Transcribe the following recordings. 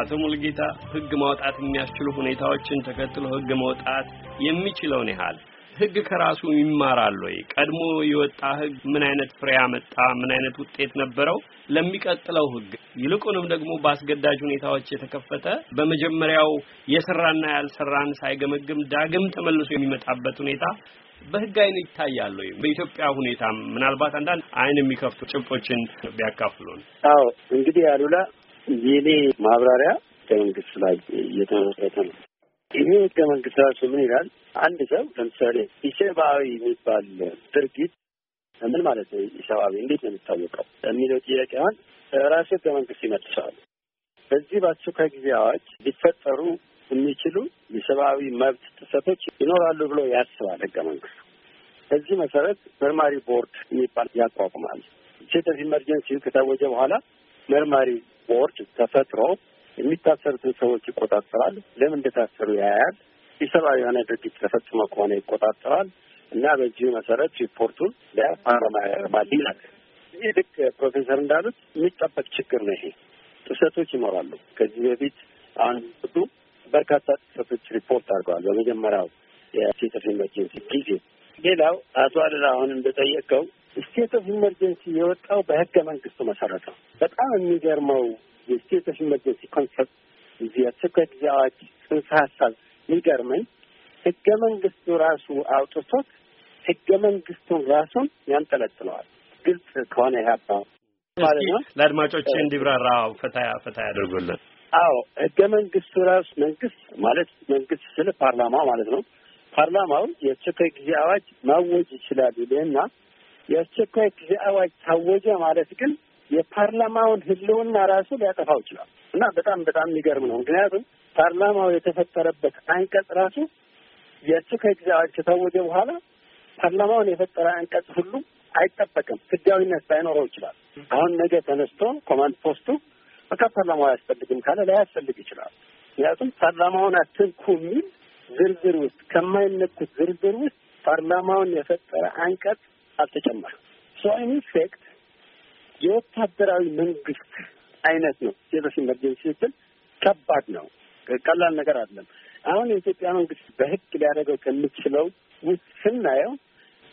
አቶ ሙልጌታ ህግ ማውጣት የሚያስችሉ ሁኔታዎችን ተከትሎ ህግ ማውጣት የሚችለውን ያህል ህግ ከራሱ ይማራል ወይ? ቀድሞ የወጣ ህግ ምን አይነት ፍሬ አመጣ? ምን አይነት ውጤት ነበረው? ለሚቀጥለው ህግ ይልቁንም ደግሞ በአስገዳጅ ሁኔታዎች የተከፈተ በመጀመሪያው የሰራና ያልሰራን ሳይገመግም ዳግም ተመልሶ የሚመጣበት ሁኔታ በህግ አይን ይታያል ወይ? በኢትዮጵያ ሁኔታ ምናልባት አንዳንድ አይን የሚከፍቱ ጭብጦችን ቢያካፍሉን። አዎ እንግዲህ አሉላ የኔ ማብራሪያ ህገ መንግስት ላይ እየተመሰረተ ነው። ይሄ ህገ መንግስት ራሱ ምን ይላል? አንድ ሰው ለምሳሌ ኢሰብአዊ የሚባል ድርጊት ምን ማለት ነው? ኢሰብአዊ እንዴት ነው የሚታወቀው የሚለው ጥያቄ አሁን ራሱ ህገ መንግስት ይመልሰዋል። በዚህ በአስቸኳይ ጊዜ አዋጅ ሊፈጠሩ የሚችሉ የሰብአዊ መብት ጥሰቶች ይኖራሉ ብሎ ያስባል ህገ መንግስቱ። በዚህ መሰረት መርማሪ ቦርድ የሚባል ያቋቁማል። ስቴት ኦፍ ኢመርጀንሲ ከታወጀ በኋላ መርማሪ ቦርድ ተፈጥሮ የሚታሰሩትን ሰዎች ይቆጣጠራል። ለምን እንደታሰሩ ያያል። ኢሰብአዊ የሆነ ድርጊት ተፈጽሞ ከሆነ ይቆጣጠራል እና በዚሁ መሰረት ሪፖርቱን ለፓርላማ ያቀርባል ይላል። ይህ ልክ ፕሮፌሰር እንዳሉት የሚጠበቅ ችግር ነው። ይሄ ጥሰቶች ይኖራሉ። ከዚህ በፊት አንዱ በርካታ ጥሰቶች ሪፖርት አድርገዋል በመጀመሪያው የስቴት ኦፍ ኢመርጀንሲ ጊዜ። ሌላው አቶ አደላ አሁን እንደጠየቀው ስቴት ኦፍ ኢመርጀንሲ የወጣው በህገ መንግስቱ መሰረት ነው። በጣም የሚገርመው የስቴት ኦፍ ኢመርጀንሲ ኮንሰፕት እዚህ የአስቸኳይ ጊዜ አዋጅ ጽንሰ ሀሳብ የሚገርመኝ ህገ መንግስቱ ራሱ አውጥቶት ህገ መንግስቱን ራሱን ያንጠለጥለዋል። ግልጽ ከሆነ ያባ ማለት ነው። ለአድማጮች እንዲብራራ ፈታ ፈታ ያደርጉልን። አዎ ህገ መንግስቱ ራሱ መንግስት ማለት መንግስት ስል ፓርላማ ማለት ነው። ፓርላማው የአስቸኳይ ጊዜ አዋጅ ማወጅ ይችላል ይልና የአስቸኳይ ጊዜ አዋጅ ታወጀ ማለት ግን የፓርላማውን ህልውና ራሱ ሊያጠፋው ይችላል እና በጣም በጣም የሚገርም ነው። ምክንያቱም ፓርላማው የተፈጠረበት አንቀጽ ራሱ የእሱ ከግዛዎች ከታወጀ በኋላ ፓርላማውን የፈጠረ አንቀጽ ሁሉ አይጠበቅም፣ ህጋዊነት ሳይኖረው ይችላል። አሁን ነገ ተነስቶ ኮማንድ ፖስቱ በቃ ፓርላማው አያስፈልግም ካለ ላያስፈልግ ይችላል። ምክንያቱም ፓርላማውን አትንኩ የሚል ዝርዝር ውስጥ ከማይነኩት ዝርዝር ውስጥ ፓርላማውን የፈጠረ አንቀጽ አልተጨመረም። ሶ ኢንፌክት የወታደራዊ መንግስት አይነት ነው። ሴቶች ኢመርጀንሲ ስትል ከባድ ነው፣ ቀላል ነገር አይደለም። አሁን የኢትዮጵያ መንግስት በህግ ሊያደርገው ከምችለው ውስጥ ስናየው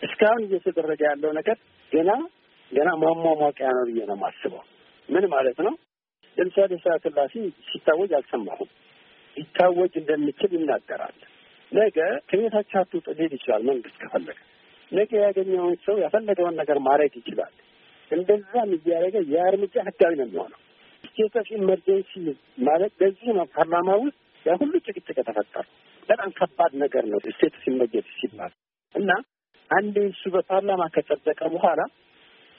እስካሁን እየተደረገ ያለው ነገር ገና ገና ማሟሟቂያ ነው ብዬ ነው የማስበው። ምን ማለት ነው? ለምሳሌ ስራ ስላሴ ሲታወጅ አልሰማሁም። ሊታወጅ እንደሚችል ይናገራል። ነገ ከቤታቸው አትውጡ ሊል ይችላል መንግስት ከፈለገ። ነገ ያገኘውን ሰው ያፈለገውን ነገር ማድረግ ይችላል። እንደዛም እያደረገ ያ እርምጃ ህጋዊ ነው የሚሆነው። ስቴት ኦፍ ኢመርጀንሲ ማለት በዚህ ነው። ፓርላማ ውስጥ ያ ሁሉ ጭቅጭቅ የተፈጠረ በጣም ከባድ ነገር ነው። ስቴት ኦፍ ኢመርጀንሲ ሲባል እና አንድ እሱ በፓርላማ ከጸደቀ በኋላ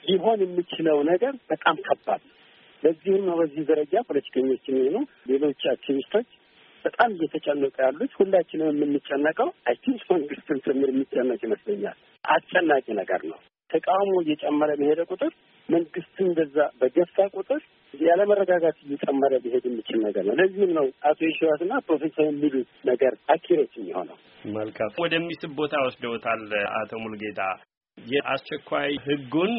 ሊሆን የሚችለው ነገር በጣም ከባድ ነው። ለዚህም ነው በዚህ ደረጃ ፖለቲከኞች የሚሆኑ ሌሎች አክቲቪስቶች በጣም እየተጨነቀ ያሉት ሁላችንም የምንጨነቀው አይ ቲንክ መንግስትም ጭምር የሚጨነቅ ይመስለኛል። አስጨናቂ ነገር ነው። ተቃውሞ እየጨመረ በሄደ ቁጥር መንግስትን በዛ በገፋ ቁጥር ያለመረጋጋት እየጨመረ ሊሄድ የሚችል ነገር ነው። ለዚህም ነው አቶ የሸዋስና ፕሮፌሰር የሚሉት ነገር አኪሬት የሚሆነው። መልካም ወደሚስብ ቦታ ወስደውታል አቶ ሙልጌታ። የአስቸኳይ ህጉን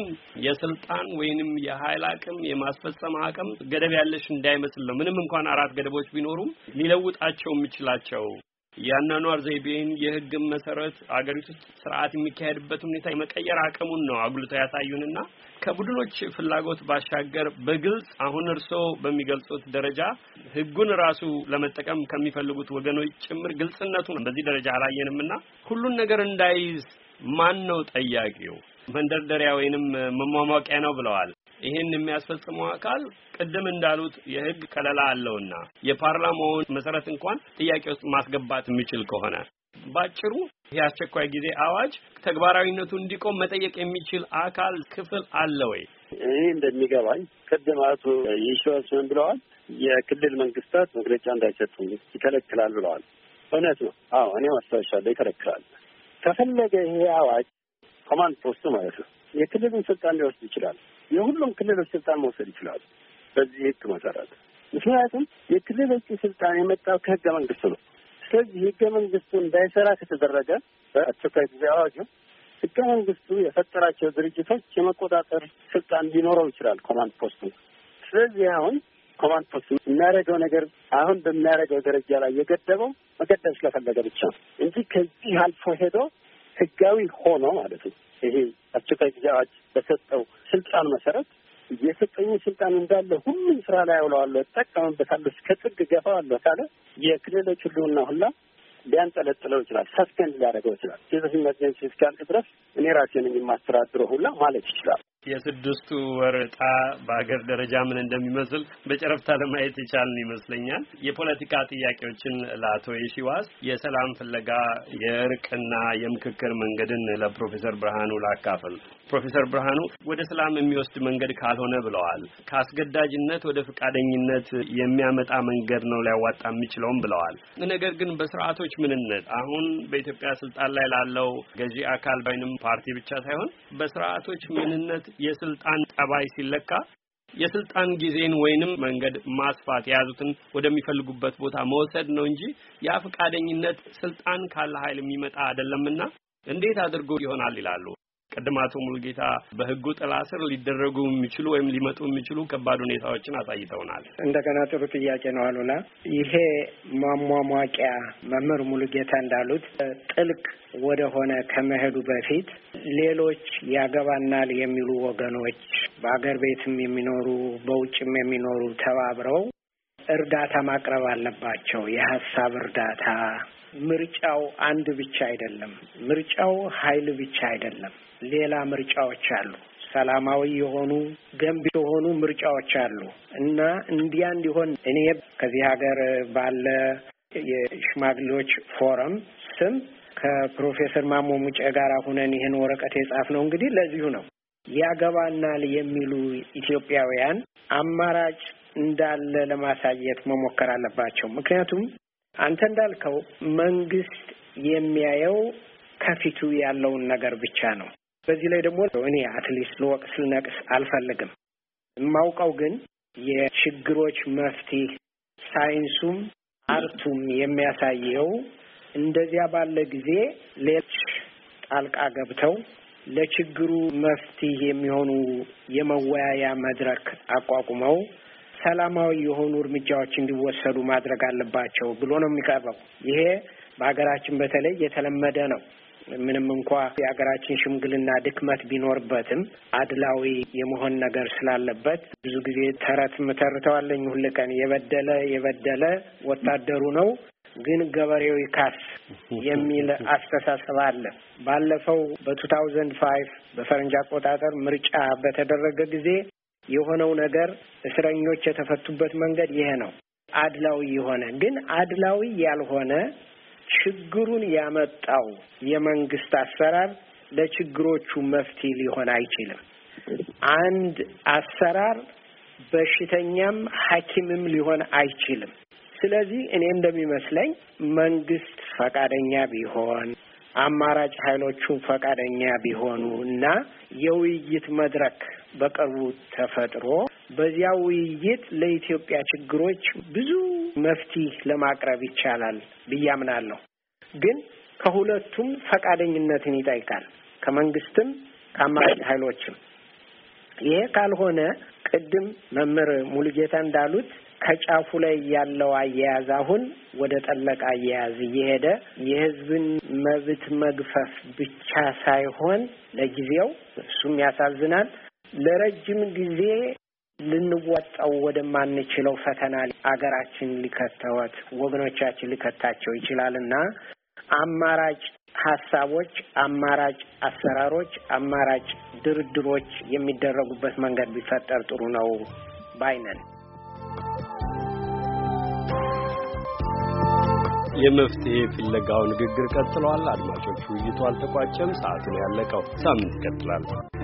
የስልጣን ወይንም የኃይል አቅም የማስፈጸም አቅም ገደብ ያለሽ እንዳይመስል ነው። ምንም እንኳን አራት ገደቦች ቢኖሩም ሊለውጣቸው የሚችላቸው የአኗኗር ዘይቤን የህግን መሰረት አገሪቱ ውስጥ ስርዓት የሚካሄድበት ሁኔታ የመቀየር አቅሙን ነው አጉልተው ያሳዩንና ከቡድኖች ፍላጎት ባሻገር በግልጽ አሁን እርስዎ በሚገልጹት ደረጃ ህጉን ራሱ ለመጠቀም ከሚፈልጉት ወገኖች ጭምር ግልጽነቱን በዚህ ደረጃ አላየንምና ሁሉን ነገር እንዳይዝ ማን ነው ጠያቂው? መንደርደሪያ ወይንም መሟሟቂያ ነው ብለዋል። ይህን የሚያስፈጽመው አካል ቅድም እንዳሉት የህግ ከለላ አለውና የፓርላማውን መሰረት እንኳን ጥያቄ ውስጥ ማስገባት የሚችል ከሆነ ባጭሩ ይህ ጊዜ አዋጅ ተግባራዊነቱ እንዲቆም መጠየቅ የሚችል አካል ክፍል አለ ወይ? እኔ እንደሚገባኝ ቅድም አቶ ምን ብለዋል? የክልል መንግስታት መግለጫ እንዳይሰጡ ይከለክላል ብለዋል። እውነት ነው። አዎ እኔ ማስታወሻለሁ፣ ይከለክላል ከፈለገ ይሄ አዋጅ ኮማንድ ፖስቱ ማለት ነው የክልሉን ስልጣን ሊወስድ ይችላል። የሁሉም ክልሎች ስልጣን መውሰድ ይችላሉ በዚህ ህግ መሰረት። ምክንያቱም የክልሎቹ ስልጣን የመጣው ከህገ መንግስቱ ነው። ስለዚህ ህገ መንግስቱ እንዳይሰራ ከተደረገ በአስቸኳይ ጊዜ አዋጁ ህገ መንግስቱ የፈጠራቸው ድርጅቶች የመቆጣጠር ስልጣን ሊኖረው ይችላል ኮማንድ ፖስቱ። ስለዚህ አሁን ኮማንድ ፖስት የሚያደርገው ነገር አሁን በሚያደርገው ደረጃ ላይ የገደበው መገደብ ስለፈለገ ብቻ እንጂ ከዚህ አልፎ ሄዶ ህጋዊ ሆኖ ማለት ነው ይሄ አስቸኳይ ጊዜ አዋጅ በሰጠው ስልጣን መሰረት የሰጠኝ ስልጣን እንዳለ ሁሉም ስራ ላይ አውለዋለሁ፣ እጠቀምበታለሁ፣ እስከ ጥግ ገፋዋለሁ ካለ የክልሎች ህልውና ሁላ ሊያንጠለጥለው ይችላል። ሰስፔንድ ሊያደርገው ይችላል። ሴቶች መግኘት እስኪያልቅ ድረስ እኔ ራሴን የማስተዳድረው ሁላ ማለት ይችላል። የስድስቱ ወር ዕጣ በሀገር ደረጃ ምን እንደሚመስል በጨረፍታ ለማየት የቻልን ይመስለኛል። የፖለቲካ ጥያቄዎችን ለአቶ የሺዋስ የሰላም ፍለጋ የእርቅና የምክክር መንገድን ለፕሮፌሰር ብርሃኑ ላካፍል። ፕሮፌሰር ብርሃኑ ወደ ሰላም የሚወስድ መንገድ ካልሆነ ብለዋል። ከአስገዳጅነት ወደ ፈቃደኝነት የሚያመጣ መንገድ ነው ሊያዋጣ የሚችለውም ብለዋል። ነገር ግን በስርዓቶች ምንነት አሁን በኢትዮጵያ ስልጣን ላይ ላለው ገዢ አካል ወይንም ፓርቲ ብቻ ሳይሆን በስርዓቶች ምንነት የስልጣን ጠባይ ሲለካ የስልጣን ጊዜን ወይንም መንገድ ማስፋት የያዙትን ወደሚፈልጉበት ቦታ መውሰድ ነው እንጂ ያ ፈቃደኝነት ስልጣን ካለ ኃይል የሚመጣ አይደለምና እንዴት አድርጎ ይሆናል ይላሉ። ቅድም አቶ ሙልጌታ በህጉ ጥላ ስር ሊደረጉ የሚችሉ ወይም ሊመጡ የሚችሉ ከባድ ሁኔታዎችን አሳይተውናል። እንደገና ጥሩ ጥያቄ ነው አሉና ይሄ ማሟሟቂያ መምህር ሙሉጌታ እንዳሉት ጥልቅ ወደሆነ ከመሄዱ በፊት ሌሎች ያገባናል የሚሉ ወገኖች በአገር ቤትም የሚኖሩ በውጭም የሚኖሩ ተባብረው እርዳታ ማቅረብ አለባቸው። የሀሳብ እርዳታ ምርጫው አንድ ብቻ አይደለም። ምርጫው ኃይል ብቻ አይደለም። ሌላ ምርጫዎች አሉ። ሰላማዊ የሆኑ ገንቢ የሆኑ ምርጫዎች አሉ እና እንዲያ እንዲሆን እኔ ከዚህ ሀገር ባለ የሽማግሌዎች ፎረም ስም ከፕሮፌሰር ማሞ ሙጬ ጋር ሁነን ይህን ወረቀት የጻፍነው እንግዲህ ለዚሁ ነው። ያገባናል የሚሉ ኢትዮጵያውያን አማራጭ እንዳለ ለማሳየት መሞከር አለባቸው። ምክንያቱም አንተ እንዳልከው መንግስት የሚያየው ከፊቱ ያለውን ነገር ብቻ ነው። በዚህ ላይ ደግሞ እኔ አትሊስት ልወቅስ ልነቅስ አልፈልግም። የማውቀው ግን የችግሮች መፍትሄ ሳይንሱም አርቱም የሚያሳየው እንደዚያ ባለ ጊዜ ሌሎች ጣልቃ ገብተው ለችግሩ መፍትሄ የሚሆኑ የመወያያ መድረክ አቋቁመው ሰላማዊ የሆኑ እርምጃዎች እንዲወሰዱ ማድረግ አለባቸው ብሎ ነው የሚቀርበው። ይሄ በሀገራችን በተለይ የተለመደ ነው። ምንም እንኳ የሀገራችን ሽምግልና ድክመት ቢኖርበትም አድላዊ የመሆን ነገር ስላለበት ብዙ ጊዜ ተረት ምተርተዋለኝ ሁል ቀን የበደለ የበደለ ወታደሩ ነው ግን ገበሬው ይካስ የሚል አስተሳሰብ አለ። ባለፈው በቱ ታውዘንድ ፋይቭ በፈረንጅ አቆጣጠር ምርጫ በተደረገ ጊዜ የሆነው ነገር እስረኞች የተፈቱበት መንገድ ይሄ ነው። አድላዊ የሆነ ግን አድላዊ ያልሆነ ችግሩን ያመጣው የመንግስት አሰራር ለችግሮቹ መፍትሄ ሊሆን አይችልም። አንድ አሰራር በሽተኛም ሐኪምም ሊሆን አይችልም። ስለዚህ እኔ እንደሚመስለኝ መንግስት ፈቃደኛ ቢሆን አማራጭ ኃይሎቹን ፈቃደኛ ቢሆኑ እና የውይይት መድረክ በቅርቡ ተፈጥሮ በዚያ ውይይት ለኢትዮጵያ ችግሮች ብዙ መፍትሄ ለማቅረብ ይቻላል ብዬ አምናለሁ። ግን ከሁለቱም ፈቃደኝነትን ይጠይቃል፣ ከመንግስትም ከአማራጭ ኃይሎችም። ይሄ ካልሆነ ቅድም መምህር ሙሉጌታ እንዳሉት ከጫፉ ላይ ያለው አያያዝ አሁን ወደ ጠለቅ አያያዝ እየሄደ የህዝብን መብት መግፈፍ ብቻ ሳይሆን ለጊዜው እሱም ያሳዝናል፣ ለረጅም ጊዜ ልንወጣው ወደማንችለው ፈተና አገራችን ሊከተወት ወገኖቻችን ሊከታቸው ይችላል እና አማራጭ ሀሳቦች፣ አማራጭ አሰራሮች፣ አማራጭ ድርድሮች የሚደረጉበት መንገድ ቢፈጠር ጥሩ ነው ባይነን የመፍትሄ ፍለጋው ንግግር ቀጥለዋል። አድማጮች፣ ውይይቱ አልተቋጨም። ሰዓቱን ያለቀው ሳምንት ይቀጥላል።